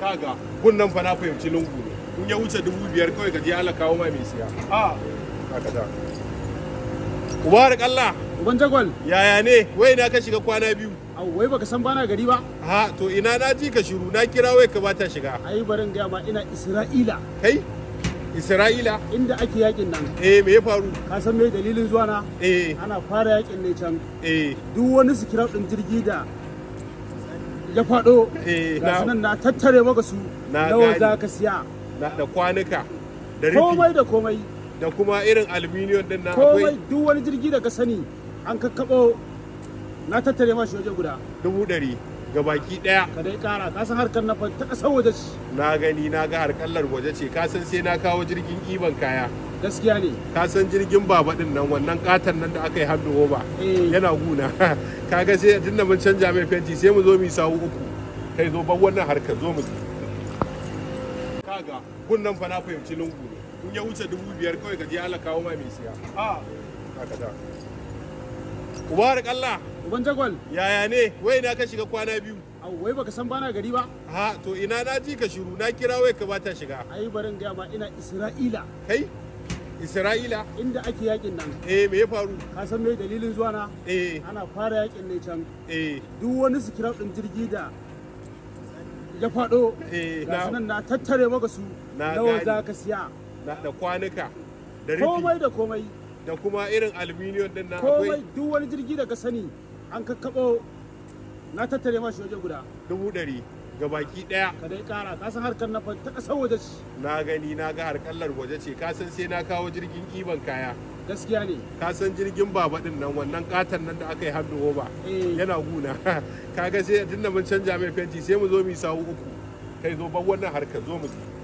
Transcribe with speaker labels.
Speaker 1: kaga nan fa na fahimci lungu ne in ya wuce dubu biyar kawai ka je ala kawo ma mai siya a kaga da ubarak Allah uban jagwal yaya ne wai na ka shiga kwana biyu au wai baka san bana gari ba ha to ina na ji ka shiru na kira wai ka bata shiga ai barin ga ma ina Isra'ila kai Isra'ila inda ake yakin nan eh me ya faru ka san me dalilin zuwa na eh ana fara yakin ne can eh duk wani sikirau din jirgi da ya faɗo eh, ga nan na tattare maka su nawa za ka siya da kwanuka da rufi komai da komai da kuma irin aluminium din na akwai komai duk wani jirgi da ka sani an kakkabo na tattare ma shi waje guda dubu ɗari ga baki ɗaya ka dai ƙara ka san harkar na ta ƙasar waje shi. na gani na ga harkar waje ce ka san sai na kawo jirgin iban kaya gaskiya ne ka san jirgin baba din nan wannan katon nan da aka yi hannu ba eh. yana guna kaga sai tunda mun canja mai fenti sai mu zo mu sawu uku kai zo ban wannan harkar zo mu kaga kun nan fa na fahimci lungu ne kun ya wuce dubu biyar kawai ka je ala kawo mai mai siya a ka da Mubarak kallah Uban Jagwal yaya ne wai na ka shiga kwana biyu wai baka san bana gari ba ha to ina na ji ka shiru na kira wai ka bata shiga ai barin ga ba ina Isra'ila kai Isra'ila inda ake yakin nan eh me ya faru ka san me dalilin zuwa na eh ana fara yakin ne can eh duk wani kira din jirgi da ya fado eh ga nan na tattare maka su ga za ka siya da kwanuka da rufi komai da komai da kuma irin aluminium din nan akwai komai duk wani jirgi da ka sani an kakkabo na tattare shi waje guda dubu ɗari gabaki daya ka dai kara ka san harkar na ta kasar waje ce na gani na ga harkallar waje ce ka san sai na kawo jirgin kiban kaya gaskiya ne ka san jirgin baba din nan wannan katan nan da aka yi hannu ba eh. yana guna kaga sai tunda mun canja mai fenti sai mu zo mu sawu uku kai zo ban wannan harkar zo mu